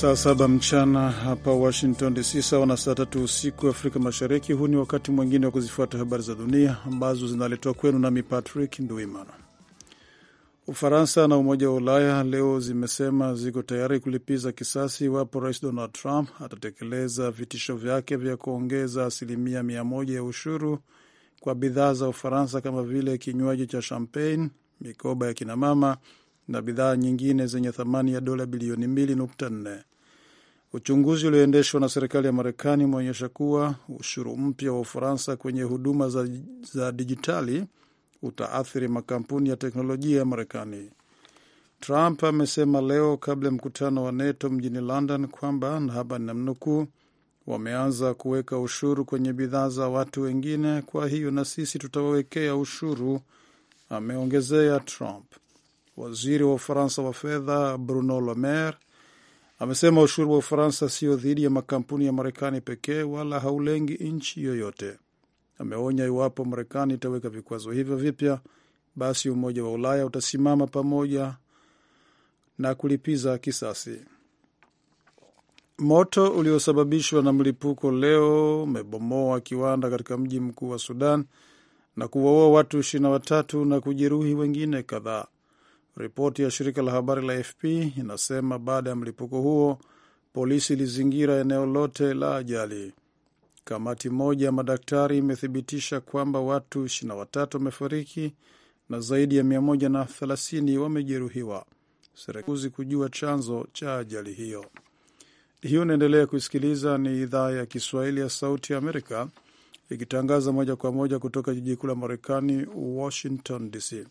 saa saba mchana hapa Washington DC, sawa na saa tatu usiku Afrika Mashariki. Huu ni wakati mwingine wa kuzifuata habari za dunia ambazo zinaletwa kwenu nami Patrick Nduimana. Ufaransa na Umoja wa Ulaya leo zimesema ziko tayari kulipiza kisasi iwapo Rais Donald Trump atatekeleza vitisho vyake vya kuongeza asilimia mia moja ya ushuru kwa bidhaa za Ufaransa kama vile kinywaji cha champagne, mikoba ya kinamama na bidhaa nyingine zenye thamani ya dola bilioni 2.4. Uchunguzi ulioendeshwa na serikali ya Marekani umeonyesha kuwa ushuru mpya wa Ufaransa kwenye huduma za, za dijitali utaathiri makampuni ya teknolojia ya Marekani. Trump amesema leo kabla ya mkutano wa NATO mjini London kwamba na hapa ninamnukuu, wameanza kuweka ushuru kwenye bidhaa za watu wengine, kwa hiyo na sisi tutawawekea ushuru, ameongezea Trump. Waziri wa Ufaransa wa fedha Bruno Le Maire amesema ushuru wa Ufaransa sio dhidi ya makampuni ya Marekani pekee wala haulengi nchi yoyote. Ameonya iwapo Marekani itaweka vikwazo hivyo vipya, basi Umoja wa Ulaya utasimama pamoja na kulipiza kisasi. Moto uliosababishwa na mlipuko leo umebomoa kiwanda katika mji mkuu wa Sudan na kuwaua watu ishirini na watatu na kujeruhi wengine kadhaa. Ripoti ya shirika la habari la AFP inasema baada ya mlipuko huo polisi ilizingira eneo lote la ajali. Kamati moja ya madaktari imethibitisha kwamba watu 23 wamefariki na zaidi ya 130 wamejeruhiwa. Serikali kujua chanzo cha ajali hiyo. Hiyo inaendelea kusikiliza, ni idhaa ya Kiswahili ya Sauti ya Amerika ikitangaza moja kwa moja kutoka jiji kuu la Marekani, Washington DC.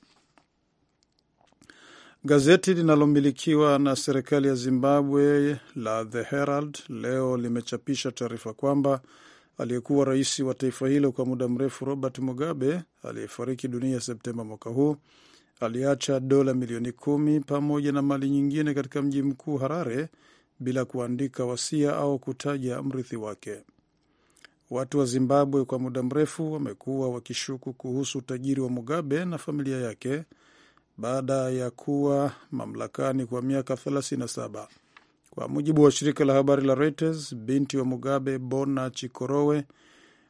Gazeti linalomilikiwa na serikali ya Zimbabwe la The Herald leo limechapisha taarifa kwamba aliyekuwa rais wa taifa hilo kwa muda mrefu Robert Mugabe aliyefariki dunia Septemba mwaka huu aliacha dola milioni kumi pamoja na mali nyingine katika mji mkuu Harare bila kuandika wasia au kutaja mrithi wake. Watu wa Zimbabwe kwa muda mrefu wamekuwa wakishuku kuhusu utajiri wa Mugabe na familia yake baada ya kuwa mamlakani kwa miaka 37. Kwa mujibu wa shirika la habari la Reuters, binti wa Mugabe, Bona Chikorowe,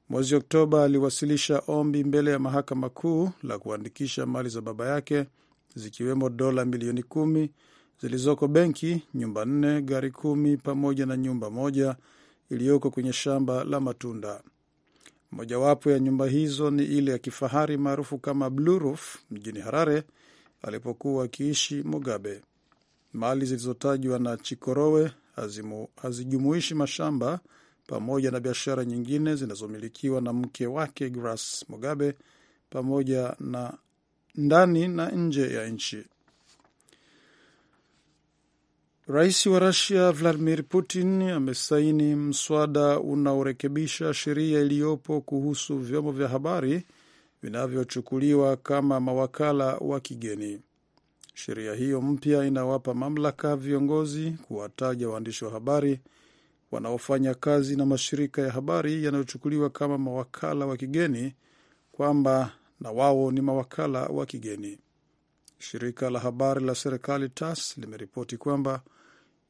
mwezi Oktoba aliwasilisha ombi mbele ya mahakama kuu la kuandikisha mali za baba yake zikiwemo dola milioni kumi zilizoko benki, nyumba nne, gari kumi pamoja na nyumba moja iliyoko kwenye shamba la matunda. Mojawapo ya nyumba hizo ni ile ya kifahari maarufu kama Blue Roof mjini Harare alipokuwa akiishi Mugabe. Mali zilizotajwa na Chikorowe hazimu, hazijumuishi mashamba pamoja na biashara nyingine zinazomilikiwa na mke wake Grace Mugabe pamoja na ndani na nje ya nchi. Rais wa Rusia Vladimir Putin amesaini mswada unaorekebisha sheria iliyopo kuhusu vyombo vya habari vinavyochukuliwa kama mawakala wa kigeni. Sheria hiyo mpya inawapa mamlaka viongozi kuwataja waandishi wa habari wanaofanya kazi na mashirika ya habari yanayochukuliwa kama mawakala wa kigeni kwamba na wao ni mawakala wa kigeni. Shirika la habari la serikali TAS limeripoti kwamba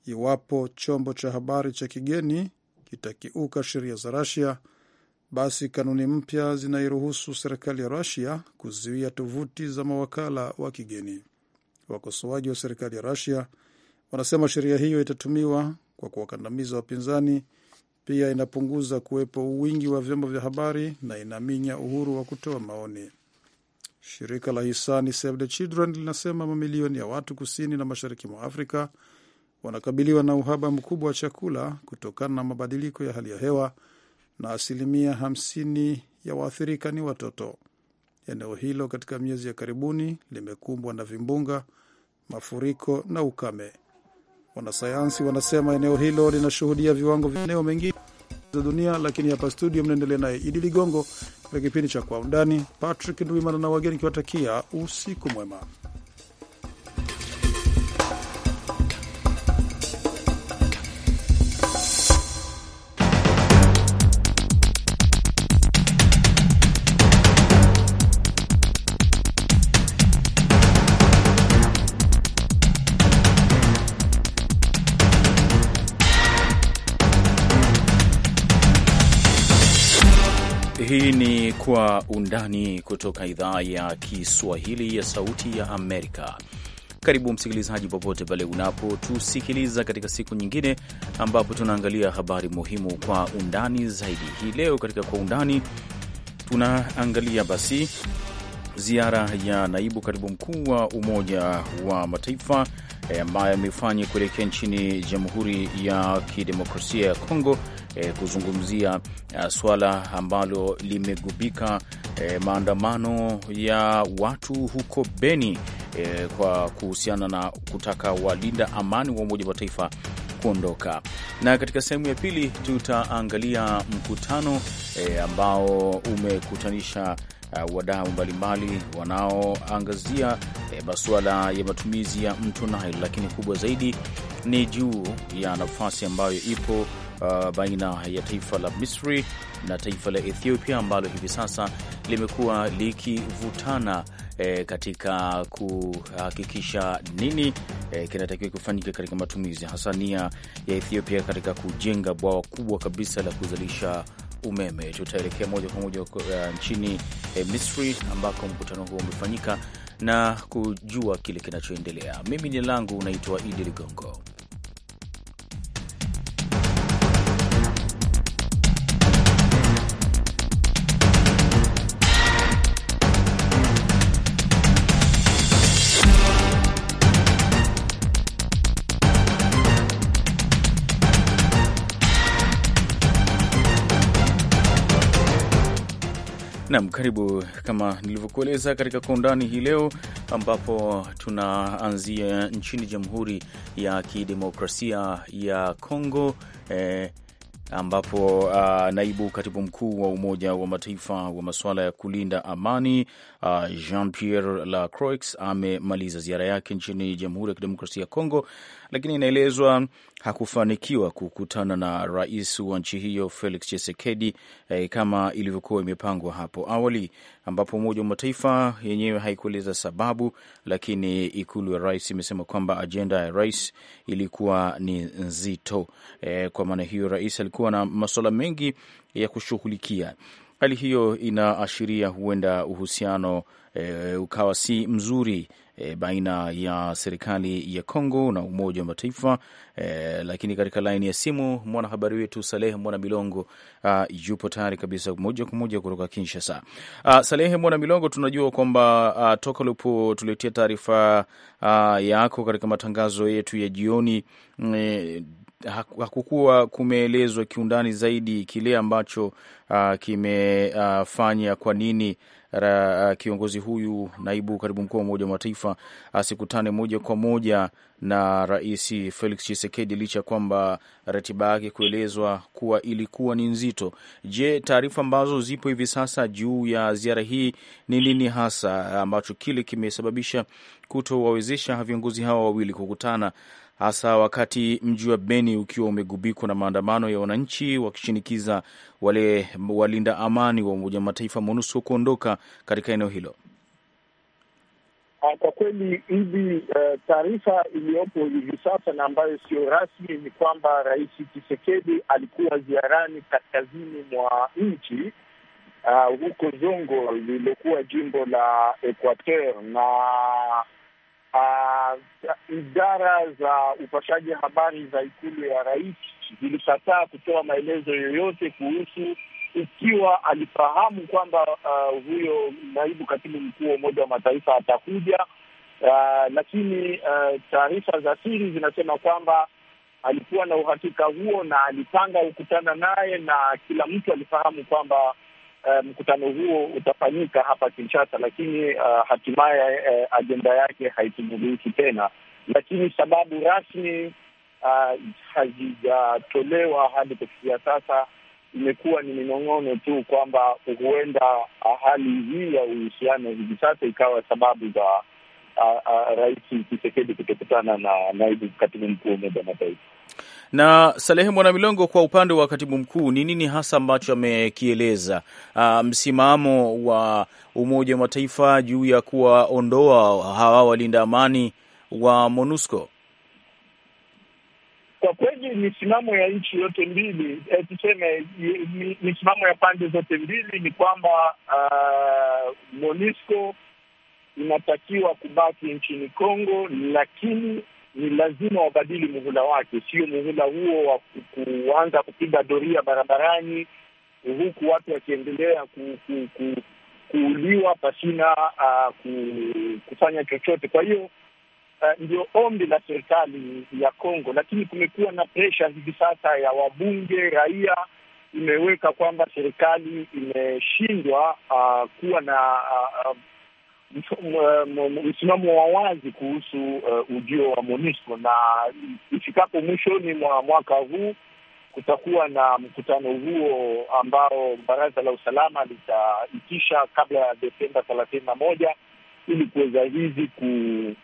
iwapo chombo cha habari cha kigeni kitakiuka sheria za Russia basi kanuni mpya zinairuhusu serikali ya Rusia kuzuia tovuti za mawakala wa kigeni. Wakosoaji wa serikali ya Rusia wanasema sheria hiyo itatumiwa kwa kuwakandamiza wapinzani. Pia inapunguza kuwepo wingi wa vyombo vya habari na inaminya uhuru wa kutoa maoni. Shirika la hisani Save the Children linasema mamilioni ya watu kusini na mashariki mwa Afrika wanakabiliwa na uhaba mkubwa wa chakula kutokana na mabadiliko ya hali ya hewa na asilimia hamsini ya waathirika ni watoto. Eneo hilo katika miezi ya karibuni limekumbwa na vimbunga, mafuriko na ukame. Wanasayansi wanasema eneo hilo linashuhudia viwango vya eneo mengine za dunia, lakini hapa studio mnaendelea naye Idi Ligongo katika kipindi cha Kwa Undani. Patrick Ndwimana na wageni kiwatakia usiku mwema. Kwa Undani kutoka idhaa ya Kiswahili ya Sauti ya Amerika. Karibu msikilizaji, popote pale unapotusikiliza katika siku nyingine ambapo tunaangalia habari muhimu kwa undani zaidi. Hii leo katika Kwa Undani tunaangalia basi ziara ya naibu katibu mkuu wa Umoja wa Mataifa E, ambayo amefanya kuelekea nchini Jamhuri ya Kidemokrasia ya Kongo e, kuzungumzia a, e, swala ambalo limegubika e, maandamano ya watu huko Beni e, kwa kuhusiana na kutaka walinda amani wa Umoja wa Mataifa kuondoka. Na katika sehemu ya pili tutaangalia mkutano e, ambao umekutanisha uh, wadau mbalimbali wanaoangazia eh, masuala ya matumizi ya mto Nile, lakini kubwa zaidi ni juu ya nafasi ambayo ipo uh, baina ya taifa la Misri na taifa la Ethiopia ambalo hivi sasa limekuwa likivutana E, katika kuhakikisha nini e, kinatakiwa kufanyika katika matumizi hasa nia ya Ethiopia katika kujenga bwawa kubwa kabisa la kuzalisha umeme. Tutaelekea moja kwa moja uh, nchini e, Misri ambako mkutano huo umefanyika na kujua kile kinachoendelea. Mimi ni langu unaitwa Idi Ligongo. Nam, karibu kama nilivyokueleza katika kwa undani hii leo, ambapo tunaanzia nchini Jamhuri ya Kidemokrasia ya Kongo eh, ambapo uh, naibu katibu mkuu wa Umoja wa Mataifa wa masuala ya kulinda amani uh, ah, Jean Pierre Lacroix amemaliza ziara yake nchini Jamhuri ya Kidemokrasia ya Kongo lakini inaelezwa hakufanikiwa kukutana na rais wa nchi hiyo Felix chisekedi eh, kama ilivyokuwa imepangwa hapo awali, ambapo Umoja wa Mataifa yenyewe haikueleza sababu, lakini ikulu ya rais imesema kwamba ajenda ya rais ilikuwa ni nzito. Eh, kwa maana hiyo rais alikuwa na masuala mengi ya kushughulikia. Hali hiyo inaashiria huenda uhusiano eh, ukawa si mzuri e, baina ya serikali ya Kongo na Umoja wa Mataifa e, lakini katika laini ya simu mwanahabari wetu Salehe Mwana Milongo a, yupo tayari kabisa moja kwa moja kutoka Kinshasa. A, Salehe Mwana Milongo, tunajua kwamba toka ulipotuletia taarifa yako katika matangazo yetu ya jioni e, hakukuwa kumeelezwa kiundani zaidi kile ambacho uh, kimefanya uh, kwa nini ra, uh, kiongozi huyu naibu katibu mkuu wa Umoja wa Mataifa asikutane moja kwa moja na Rais Felix Tshisekedi licha ya kwamba ratiba yake kuelezwa kuwa ilikuwa ni nzito. Je, taarifa ambazo zipo hivi sasa juu ya ziara hii ni nini hasa ambacho kile kimesababisha kutowawezesha viongozi hawa wawili kukutana hasa wakati mji wa Beni ukiwa umegubikwa na maandamano ya wananchi wakishinikiza wale walinda amani wa Umoja wa Mataifa MONUSCO kuondoka katika eneo hilo. Ah, kwa kweli hivi uh, taarifa iliyopo hivi sasa na ambayo siyo rasmi ni kwamba Rais Tshisekedi alikuwa ziarani kaskazini mwa nchi uh, huko Zongo lililokuwa jimbo la Equateur na uh, idara za upashaji habari za ikulu ya rais zilikataa kutoa maelezo yoyote kuhusu ikiwa alifahamu kwamba uh, huyo naibu katibu mkuu wa Umoja wa Mataifa atakuja. Uh, lakini uh, taarifa za siri zinasema kwamba alikuwa na uhakika huo na alipanga kukutana naye, na kila mtu alifahamu kwamba Eh, mkutano um, huo utafanyika hapa Kinshasa, lakini uh, hatimaye uh, eh, ajenda yake haitubuluiki tena, lakini sababu rasmi uh, hazijatolewa hadi kufikia sasa. Imekuwa ni minong'ono tu kwamba huenda ah, hali hii ya uhusiano hivi sasa ikawa sababu za uh, uh, Rais Tshisekedi kutokutana na naibu katibu mkuu wa Umoja wa Mataifa. Na Salehe mwana milongo kwa upande wa katibu mkuu, ni nini hasa ambacho amekieleza ah, msimamo wa Umoja wa Mataifa juu ya kuwaondoa hawa walinda amani wa MONUSCO? Kwa kweli misimamo ya nchi yote mbili eh, tuseme misimamo ya pande zote mbili ni kwamba uh, MONUSCO inatakiwa kubaki nchini Kongo, lakini ni lazima wabadili muhula wake, sio muhula huo wa kuanza kupiga doria barabarani huku watu wakiendelea ku, ku, ku, kuuliwa pasina uh, ku, kufanya chochote. Kwa hiyo uh, ndio ombi la serikali ya Kongo, lakini kumekuwa na presha hivi sasa ya wabunge, raia imeweka kwamba serikali imeshindwa uh, kuwa na uh, msimamo wa wazi kuhusu uh, ujio wa MONUSCO na ifikapo mwishoni mwa mwaka huu kutakuwa na mkutano huo ambao baraza la usalama litaitisha kabla ya Desemba thelathini na moja ili kuweza hizi ku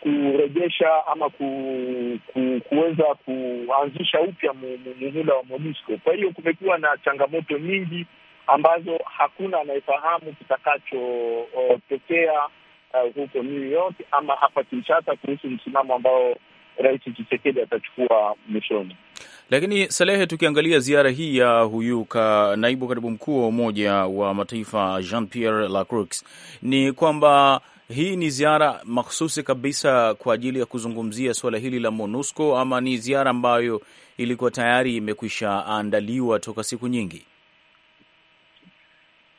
kurejesha ama kuweza ku, kuanzisha upya muhula wa MONUSCO. Kwa hiyo kumekuwa na changamoto nyingi ambazo hakuna anayefahamu kitakachotokea uh, huko New York ama hapa Kinshasa kuhusu msimamo ambao Rais Tshisekedi atachukua mwishoni. Lakini Salehe, tukiangalia ziara hii ya huyu ka naibu katibu mkuu wa Umoja wa Mataifa Jean Pierre Lacroix, ni kwamba hii ni ziara makhususi kabisa kwa ajili ya kuzungumzia suala hili la MONUSCO ama ni ziara ambayo ilikuwa tayari imekwisha andaliwa toka siku nyingi?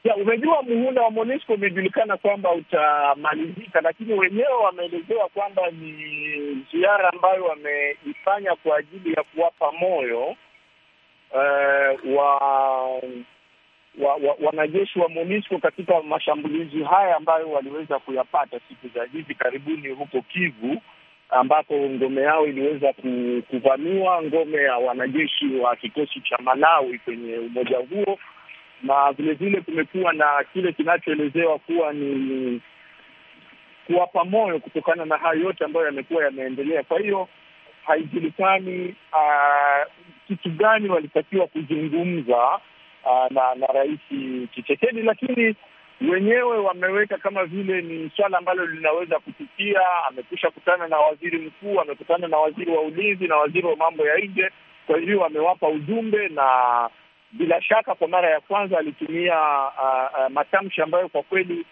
ya umejua, muhula wa MONUSCO umejulikana kwamba utamalizika, lakini wenyewe wameelezewa kwamba ni ziara ambayo wameifanya kwa ajili ya kuwapa moyo uh, wa, wa, wa wanajeshi wa MONUSCO katika mashambulizi haya ambayo waliweza kuyapata siku za hivi karibuni huko Kivu ambapo ngome yao iliweza kuvamiwa, ngome ya wanajeshi wa kikosi cha Malawi kwenye umoja huo na vilevile kumekuwa na kile kinachoelezewa kuwa ni kuwapa moyo kutokana na hayo yote ambayo yamekuwa yameendelea. Kwa hiyo haijulikani ah, kitu gani walitakiwa kuzungumza ah, na na Rais Chisekedi, lakini wenyewe wameweka kama vile ni swala ambalo linaweza kutukia. amekusha kutana na waziri mkuu, amekutana na waziri wa ulinzi na waziri wa mambo ya nje. Kwa hiyo amewapa ujumbe na bila shaka kwa mara ya kwanza alitumia uh, uh, matamshi ambayo kwa kweli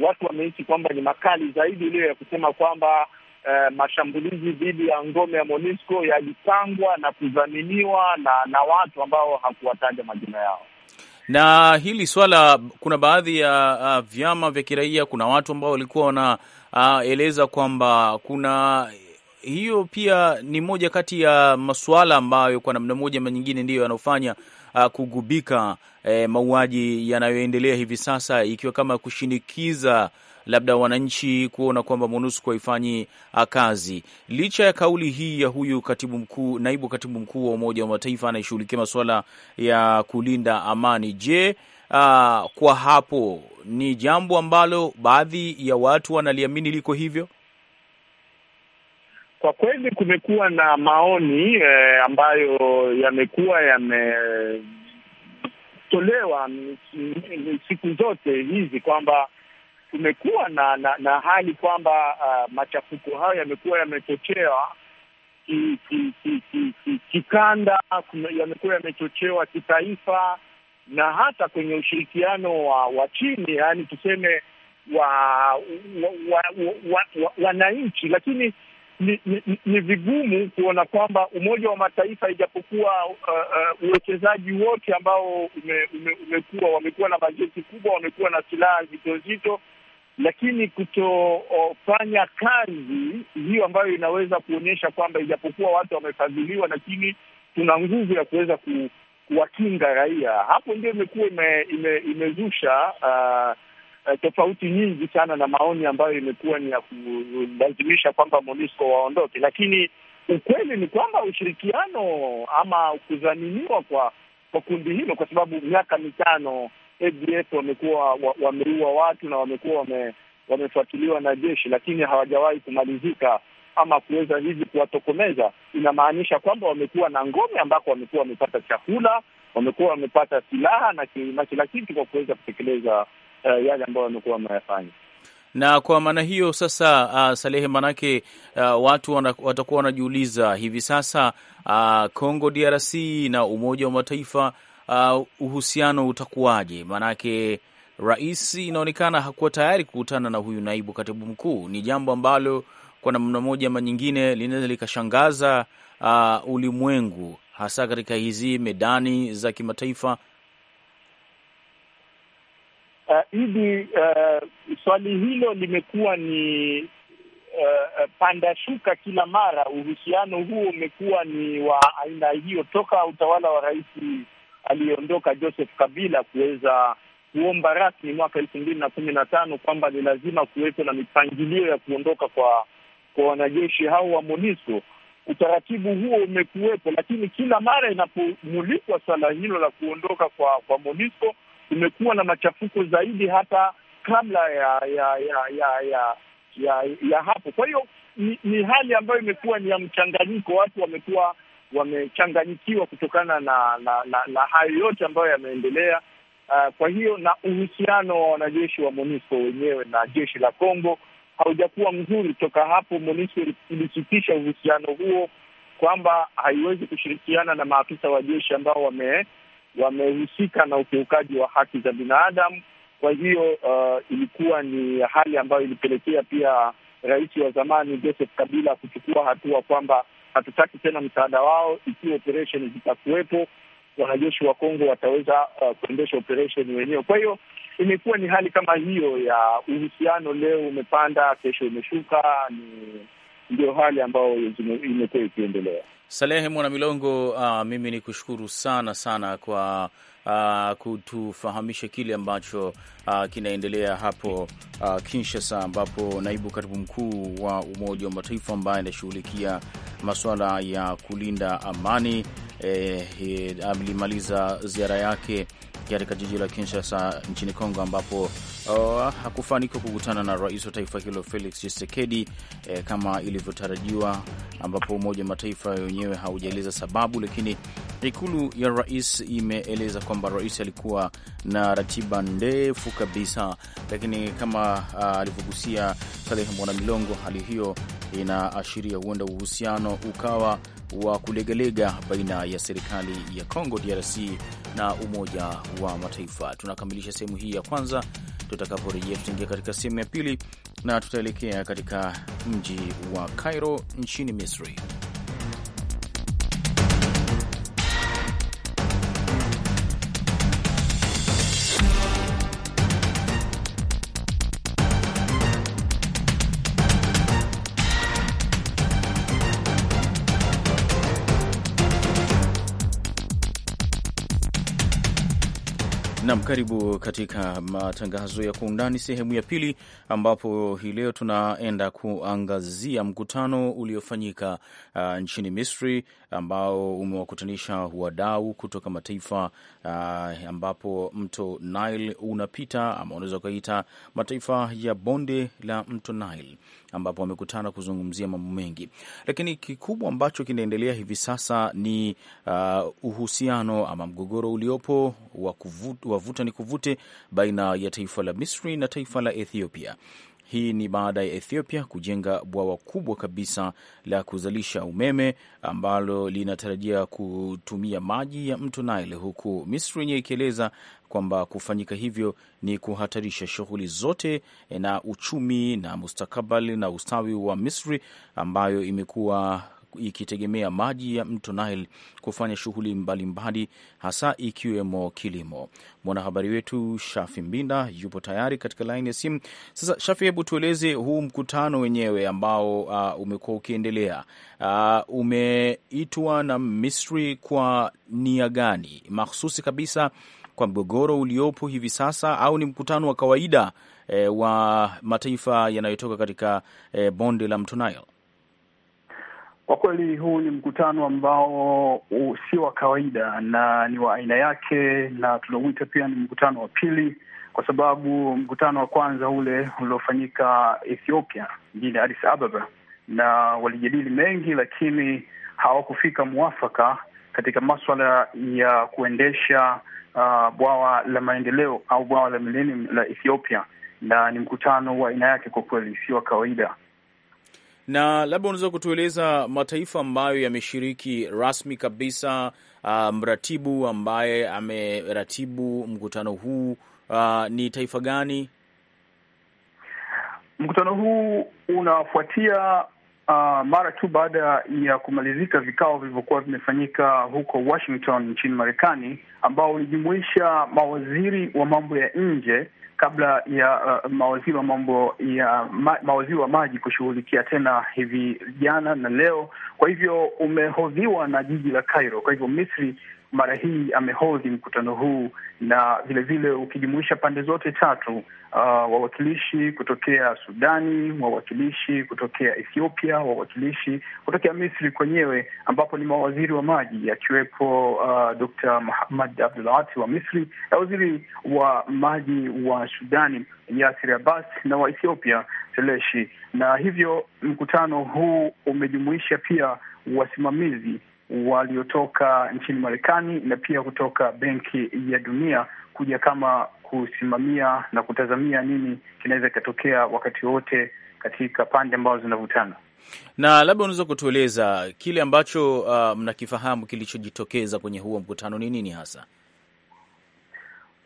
watu wamehisi kwamba ni makali zaidi, iliyo ya kusema kwamba uh, mashambulizi dhidi ya ngome ya MONUSCO yalipangwa na kudhaminiwa na, na watu ambao hakuwataja majina yao na hili swala, kuna baadhi ya uh, vyama vya kiraia, kuna watu ambao walikuwa wanaeleza uh, kwamba kuna hiyo pia ni moja kati ya masuala ambayo kwa namna moja ama nyingine ndiyo yanayofanya uh, kugubika eh, mauaji yanayoendelea hivi sasa, ikiwa kama kushinikiza labda wananchi kuona kwamba MONUSCO haifanyi uh, kazi, licha ya kauli hii ya huyu katibu mkuu, naibu katibu mkuu wa Umoja wa Mataifa anayeshughulikia masuala ya kulinda amani. Je, uh, kwa hapo ni jambo ambalo baadhi ya watu wanaliamini liko hivyo? Kwa kweli kumekuwa na maoni eh, ambayo yamekuwa yametolewa siku zote hizi kwamba kumekuwa na, na, na hali kwamba uh, machafuko hayo yamekuwa yamechochewa ki, ki, ki, ki, ki, kikanda, yamekuwa yamechochewa kitaifa na hata kwenye ushirikiano wa, wa chini, yaani tuseme wa wananchi wa, wa, wa, wa, lakini ni, ni, ni vigumu kuona kwamba Umoja wa Mataifa ijapokuwa uwekezaji uh, uh, uwekezaji wote ambao ume, ume, umekuwa wamekuwa na bajeti kubwa, wamekuwa na silaha nzito nzito, lakini kutofanya kazi hiyo ambayo inaweza kuonyesha kwamba ijapokuwa watu wamefadhiliwa, lakini tuna nguvu ya kuweza ku, kuwakinga raia. Hapo ndio imekuwa ime, ime, imezusha uh, uh, tofauti nyingi sana na maoni ambayo imekuwa ni ya kulazimisha kwamba MONUSCO waondoke, lakini ukweli ni kwamba ushirikiano ama kudhaminiwa kwa kwa kundi hilo, kwa sababu miaka mitano ADF wamekuwa wameua watu na wamekuwa wame, wamefuatiliwa na jeshi, lakini hawajawahi kumalizika ama kuweza hivi kuwatokomeza. Inamaanisha kwamba wamekuwa na ngome ambako wamekuwa wamepata chakula, wamekuwa wamepata silaha na kila kitu kwa kuweza kutekeleza uh, yale ambayo wamekuwa wanayafanya na kwa maana hiyo sasa, uh, Salehe, manake uh, ah, watu wana, watakuwa wanajiuliza hivi sasa ah, Congo DRC na Umoja wa Mataifa uh, uhusiano utakuwaje? Maanake rais inaonekana hakuwa tayari kukutana na huyu naibu katibu mkuu. Ni jambo ambalo kwa namna moja ama nyingine linaweza likashangaza uh, ulimwengu, hasa katika hizi medani za kimataifa uh, Idi, uh, swali hilo limekuwa ni uh, panda shuka kila mara. Uhusiano huo umekuwa ni wa aina hiyo toka utawala wa rais aliyeondoka Joseph Kabila kuweza kuomba rasmi mwaka elfu mbili na kumi na tano kwamba ni lazima kuwepo na mipangilio ya kuondoka kwa kwa wanajeshi hao wa MONUSCO. Utaratibu huo umekuwepo, lakini kila mara inapomulikwa swala hilo la kuondoka kwa kwa MONUSCO kumekuwa na machafuko zaidi hata kabla ya ya ya ya ya, ya, ya hapo. Kwa hiyo ni, ni hali ambayo imekuwa ni ya mchanganyiko, watu wamekuwa wamechanganyikiwa kutokana na na, na, na hayo yote ambayo yameendelea. Uh, kwa hiyo na uhusiano wa wanajeshi wa MONUSCO wenyewe na jeshi la congo haujakuwa mzuri toka hapo MONUSCO ilisitisha uhusiano huo, kwamba haiwezi kushirikiana na maafisa wa jeshi ambao wame wamehusika na ukiukaji wa haki za binadamu. Kwa hiyo uh, ilikuwa ni hali ambayo ilipelekea pia rais wa zamani Joseph Kabila kuchukua hatua kwamba hatutaki tena msaada wao. Ikiwa operesheni zitakuwepo, wanajeshi wa Kongo wataweza uh, kuendesha operesheni wenyewe. Kwa hiyo imekuwa ni hali kama hiyo ya uhusiano, leo umepanda, kesho imeshuka. Ni ndio hali ambayo imekuwa ikiendelea. Salehe Mwana Milongo, uh, mimi ni kushukuru sana sana kwa uh, kutufahamisha kile ambacho uh, kinaendelea hapo uh, Kinshasa, ambapo naibu katibu mkuu wa Umoja wa Mataifa ambaye anashughulikia masuala ya kulinda amani eh, eh, alimaliza ziara yake katika jiji la Kinshasa nchini Kongo ambapo Oh, hakufanikiwa kukutana na rais wa taifa hilo Felix Tshisekedi eh, kama ilivyotarajiwa, ambapo Umoja wa Mataifa wenyewe haujaeleza sababu, lakini ikulu ya rais imeeleza kwamba rais alikuwa na ratiba ndefu kabisa, lakini kama uh, alivyogusia Saleh Mwanamilongo, hali hiyo inaashiria huenda uhusiano ukawa wa kulegalega baina ya serikali ya Congo DRC na Umoja wa Mataifa. Tunakamilisha sehemu hii ya kwanza. Tutakaporejea tutaingia katika sehemu ya pili na tutaelekea katika mji wa Cairo nchini Misri. Karibu katika matangazo ya kwa undani sehemu ya pili, ambapo hii leo tunaenda kuangazia mkutano uliofanyika uh, nchini Misri ambao umewakutanisha wadau kutoka mataifa uh, ambapo mto Nile unapita ama unaweza ukaita mataifa ya bonde la mto Nile, ambapo wamekutana kuzungumzia mambo mengi, lakini kikubwa ambacho kinaendelea hivi sasa ni uh, uhusiano ama mgogoro uliopo wa wavuta ni kuvute baina ya taifa la Misri na taifa la Ethiopia. Hii ni baada ya Ethiopia kujenga bwawa kubwa kabisa la kuzalisha umeme ambalo linatarajia kutumia maji ya mto Nile, huku Misri yenyewe ikieleza kwamba kufanyika hivyo ni kuhatarisha shughuli zote na uchumi na mustakabali na ustawi wa Misri ambayo imekuwa ikitegemea maji ya mto Nile kufanya shughuli mbalimbali, hasa ikiwemo kilimo. Mwanahabari wetu Shafi Mbinda yupo tayari katika laini ya simu. Sasa Shafi, hebu tueleze huu mkutano wenyewe ambao uh, umekuwa ukiendelea uh, umeitwa na Misri kwa nia gani mahsusi kabisa kwa mgogoro uliopo hivi sasa, au ni mkutano wa kawaida e, wa mataifa yanayotoka katika e, bonde la mto Nile? Kwa kweli huu ni mkutano ambao si wa kawaida na ni wa aina yake, na tunauita pia ni mkutano wa pili, kwa sababu mkutano wa kwanza ule uliofanyika Ethiopia mjini Addis Ababa, na walijadili mengi, lakini hawakufika mwafaka katika maswala ya kuendesha uh, bwawa la maendeleo au bwawa la milenium la Ethiopia, na ni mkutano wa aina yake kwa kweli, sio wa kawaida na labda unaweza kutueleza mataifa ambayo yameshiriki rasmi kabisa, uh, mratibu ambaye ameratibu mkutano huu uh, ni taifa gani? Mkutano huu unafuatia Uh, mara tu baada ya kumalizika vikao vilivyokuwa vimefanyika huko Washington nchini Marekani, ambao ulijumuisha mawaziri wa mambo ya nje kabla ya uh, mawaziri wa mambo ya ma, mawaziri wa maji kushughulikia tena hivi jana na leo. Kwa hivyo umehodhiwa na jiji la Cairo. Kwa hivyo Misri mara hii amehodhi mkutano huu, na vilevile ukijumuisha pande zote tatu, uh, wawakilishi kutokea Sudani, wawakilishi kutokea Ethiopia, wawakilishi kutokea Misri kwenyewe, ambapo ni mawaziri wa maji akiwepo uh, Dr. Mahamad Abdulati wa Misri na waziri wa maji wa Sudani Yasir Abbas na wa Ethiopia Seleshi, na hivyo mkutano huu umejumuisha pia wasimamizi waliotoka nchini Marekani na pia kutoka Benki ya Dunia kuja kama kusimamia na kutazamia nini kinaweza kikatokea wakati wote katika pande ambazo zinavutana. Na labda unaweza kutueleza kile ambacho uh, mnakifahamu kilichojitokeza kwenye huo mkutano ni nini hasa?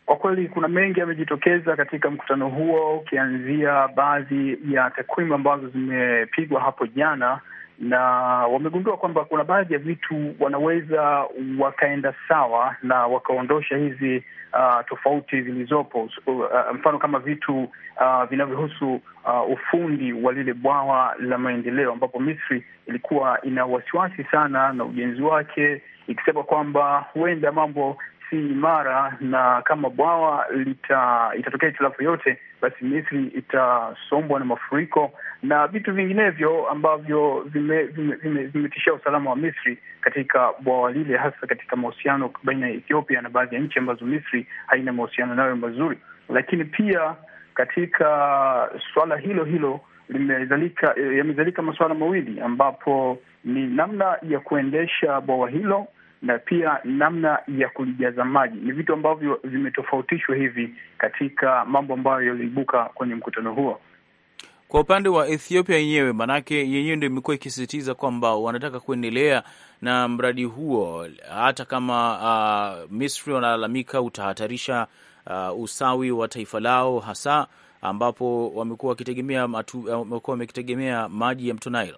Kwa kweli kuna mengi yamejitokeza katika mkutano huo, ukianzia baadhi ya takwimu ambazo zimepigwa hapo jana, na wamegundua kwamba kuna baadhi ya vitu wanaweza wakaenda sawa na wakaondosha hizi uh, tofauti zilizopo, uh, uh, mfano kama vitu uh, vinavyohusu uh, ufundi wa lile bwawa la maendeleo ambapo Misri ilikuwa ina wasiwasi sana na ujenzi wake ikisema kwamba huenda mambo si imara, na kama bwawa lita, itatokea hitilafu yote, basi Misri itasombwa na mafuriko na vitu vinginevyo ambavyo vimetishia vime, vime, vime usalama wa Misri katika bwawa lile, hasa katika mahusiano baina ya Ethiopia na baadhi ya nchi ambazo Misri haina mahusiano nayo mazuri. Lakini pia katika suala hilo hilo eh, yamezalika masuala mawili ambapo ni namna ya kuendesha bwawa hilo na pia namna ya kulijaza maji ni vitu ambavyo vimetofautishwa hivi katika mambo ambayo yaliibuka kwenye mkutano huo. Kwa upande wa Ethiopia yenyewe, maanake yenyewe ndio imekuwa ikisisitiza kwamba wanataka kuendelea na mradi huo, hata kama uh, Misri wanalalamika utahatarisha uh, usawi wa taifa lao, hasa ambapo wamekuwa wakitegemea wamekuwa wamekitegemea maji ya mto Nile.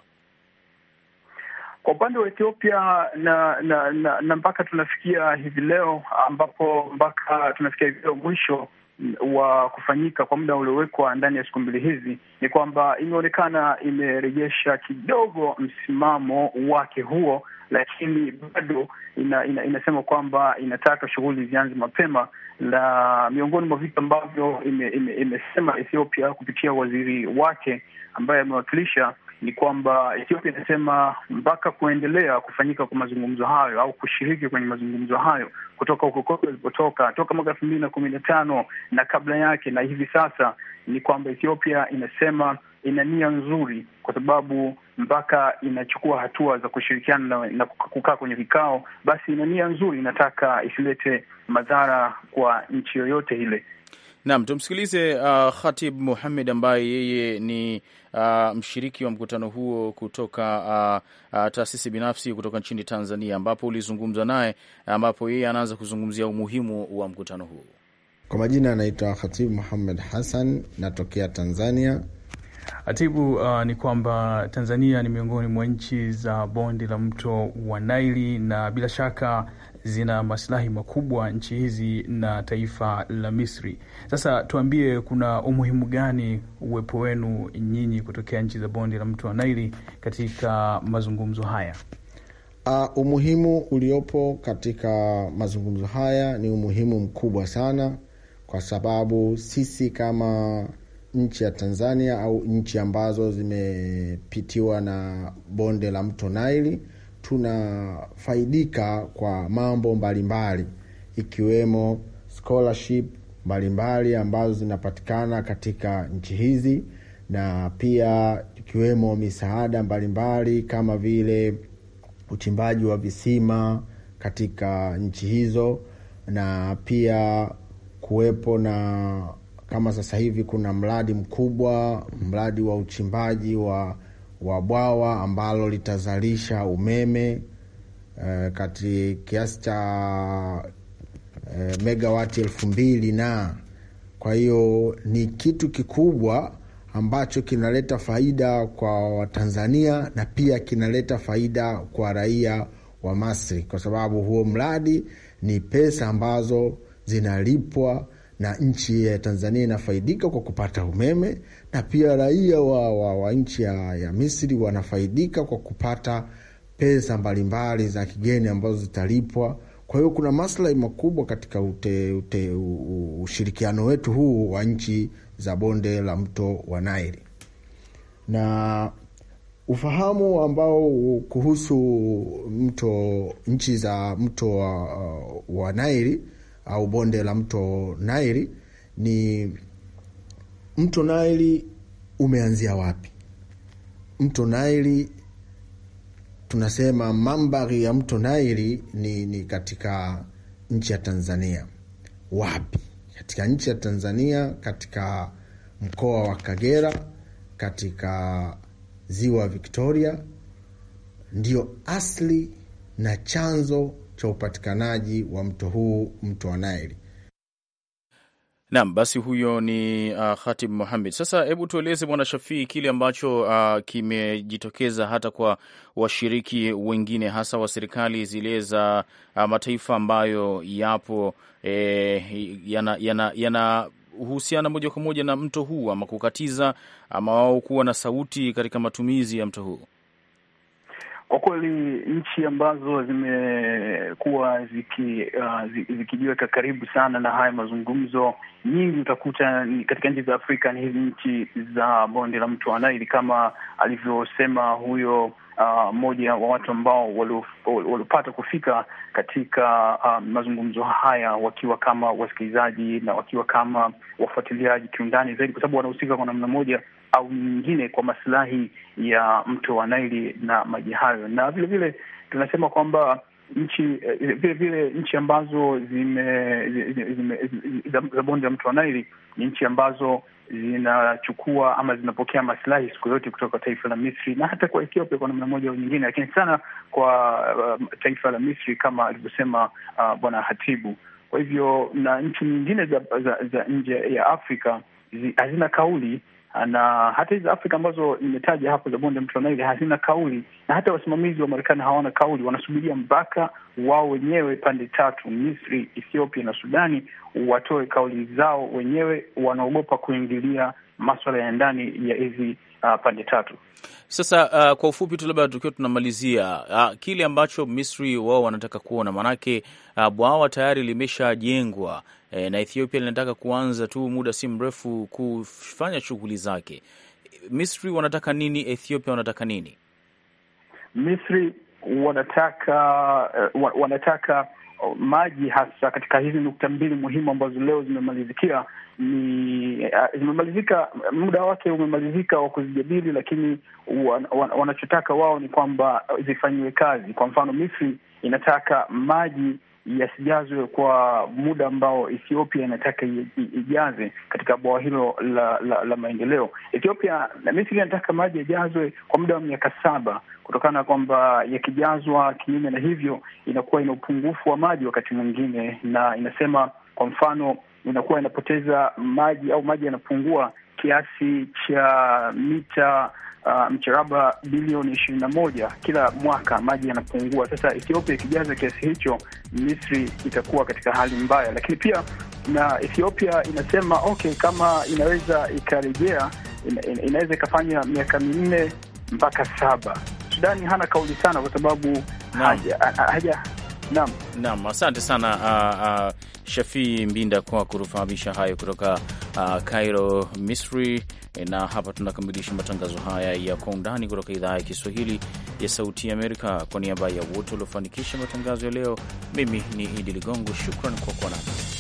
Kwa upande wa Ethiopia na na, na na mpaka tunafikia hivi leo ambapo mpaka tunafikia hivi leo mwisho wa kufanyika kwa muda uliowekwa ndani ya siku mbili hizi, ni kwamba imeonekana imerejesha kidogo msimamo wake huo, lakini bado ina, ina, inasema kwamba inataka shughuli zianze mapema, na miongoni mwa vitu ambavyo imesema ime, ime Ethiopia kupitia waziri wake ambaye amewakilisha ni kwamba Ethiopia inasema mpaka kuendelea kufanyika kwa mazungumzo hayo au kushiriki kwenye mazungumzo hayo kutoka huko kote walipotoka toka mwaka elfu mbili na kumi na tano na kabla yake na hivi sasa, ni kwamba Ethiopia inasema ina nia nzuri, kwa sababu mpaka inachukua hatua za kushirikiana na, na kukaa kwenye vikao, basi ina nia nzuri, inataka isilete madhara kwa nchi yoyote ile. Naam, tumsikilize uh, Khatib Muhamed ambaye yeye ni uh, mshiriki wa mkutano huo kutoka uh, uh, taasisi binafsi kutoka nchini Tanzania, ambapo ulizungumza naye, ambapo yeye anaanza kuzungumzia umuhimu wa mkutano huo. Kwa majina anaitwa Khatibu Muhamed Hassan, natokea Tanzania. Atibu, uh, ni kwamba Tanzania ni miongoni mwa nchi za bonde la mto wa Naili na bila shaka zina maslahi makubwa nchi hizi na taifa la Misri. Sasa tuambie, kuna umuhimu gani uwepo wenu nyinyi kutokea nchi za bonde la mto wa Naili katika mazungumzo haya? Uh, umuhimu uliopo katika mazungumzo haya ni umuhimu mkubwa sana, kwa sababu sisi kama nchi ya Tanzania au nchi ambazo zimepitiwa na bonde la mto Naili tunafaidika kwa mambo mbalimbali mbali, ikiwemo scholarship mbalimbali mbali ambazo zinapatikana katika nchi hizi na pia ikiwemo misaada mbalimbali mbali, kama vile uchimbaji wa visima katika nchi hizo na pia kuwepo na kama sasa hivi kuna mradi mkubwa, mradi wa uchimbaji wa wa bwawa ambalo litazalisha umeme uh, kati kiasi cha uh, eh, megawati elfu mbili na kwa hiyo ni kitu kikubwa ambacho kinaleta faida kwa Watanzania na pia kinaleta faida kwa raia wa Masri, kwa sababu huo mradi ni pesa ambazo zinalipwa na nchi ya Tanzania inafaidika kwa kupata umeme na pia raia wa, wa, wa nchi ya, ya Misri wanafaidika kwa kupata pesa mbalimbali za kigeni ambazo zitalipwa. Kwa hiyo kuna maslahi makubwa katika ute, ute, ushirikiano wetu huu wa nchi za bonde la mto wa Nile. na ufahamu ambao kuhusu mto nchi za mto wa, wa Nile au bonde la mto Nile ni mto Nile umeanzia wapi? Mto Nile tunasema mambari ya mto Nile ni, ni katika nchi ya Tanzania. Wapi? Katika nchi ya Tanzania, katika mkoa wa Kagera, katika ziwa Victoria, ndio asili na chanzo cha upatikanaji wa mto huu, mto wa Naili. Naam, basi huyo ni uh, Khatib Muhamed. Sasa hebu tueleze Bwana Shafii kile ambacho uh, kimejitokeza hata kwa washiriki wengine hasa wa serikali zile za uh, mataifa ambayo yapo eh, yana, yana, yana uhusiana moja kwa moja na mto huu ama kukatiza ama wao kuwa na sauti katika matumizi ya mto huu. Kwa kweli nchi ambazo zimekuwa uh, zikijiweka uh, ziki karibu sana na haya mazungumzo, nyingi utakuta katika nchi za Afrika ni hizi nchi za bonde la mto wa Naili, kama alivyosema huyo mmoja uh, wa watu ambao waliopata kufika katika uh, mazungumzo haya wakiwa kama wasikilizaji na wakiwa kama wafuatiliaji kiundani zaidi, kwa sababu wanahusika kwa namna moja au nyingine kwa masilahi ya mto wa Naili na maji hayo, na vilevile tunasema kwamba nchi eh, vile vile nchi ambazo zime, zime, zime, za bonde ya mto wa Naili ni nchi ambazo zinachukua ama zinapokea masilahi siku yote kutoka taifa la Misri na hata kwa Ethiopia kwa namna moja au nyingine, lakini sana kwa uh, taifa la Misri kama alivyosema uh, Bwana Hatibu. Kwa hivyo na nchi nyingine za, za, za nje ya Afrika hazina kauli na hata hizi Afrika ambazo nimetaja hapo za bonde mto Naili hazina kauli, na hata wasimamizi wa Marekani hawana kauli, wanasubiria mpaka wao wenyewe pande tatu, Misri, Ethiopia na Sudani, watoe kauli zao wenyewe. Wanaogopa kuingilia maswala ya ndani ya hizi uh, pande tatu. Sasa uh, kwa ufupi tu labda tukiwa tunamalizia uh, kile ambacho Misri wao wanataka kuona, maanake uh, bwawa tayari limeshajengwa eh, na Ethiopia linataka kuanza tu muda si mrefu kufanya shughuli zake. Misri wanataka nini? Ethiopia wanataka nini? Misri wanataka uh, wanataka maji hasa katika hizi nukta mbili muhimu ambazo leo zimemalizikia ni zimemalizika, ah, muda wake umemalizika wa kuzijadili, lakini wan, wan, wanachotaka wao ni kwamba zifanyiwe kazi. Kwa mfano, Misri inataka maji yasijazwe kwa muda ambao Ethiopia inataka ijaze katika bwawa hilo la, la, la maendeleo. Ethiopia na Misri inataka maji yajazwe kwa muda wa miaka saba kutokana na kwamba yakijazwa kinyume na hivyo inakuwa ina upungufu wa maji wakati mwingine, na inasema kwa mfano inakuwa inapoteza maji au maji yanapungua kiasi cha mita uh, mcharaba bilioni ishirini na moja kila mwaka, maji yanapungua. Sasa Ethiopia ikijaza kiasi hicho, Misri itakuwa katika hali mbaya, lakini pia na Ethiopia inasema okay, kama inaweza ikarejea, ina, ina, inaweza ikafanya miaka minne mpaka saba. Sudani hana kauli sana kwa sababu haja haja. Naam, naam, asante sana uh, uh, Shafii Mbinda kwa kutufahamisha hayo kutoka uh, Cairo, Misri. Na hapa tunakamilisha matangazo haya ya kwa undani kutoka idhaa ya Kiswahili ya Sauti ya Amerika. Kwa niaba ya wote waliofanikisha matangazo ya leo, mimi ni Idi Ligongo, shukran kwa kuwa nami.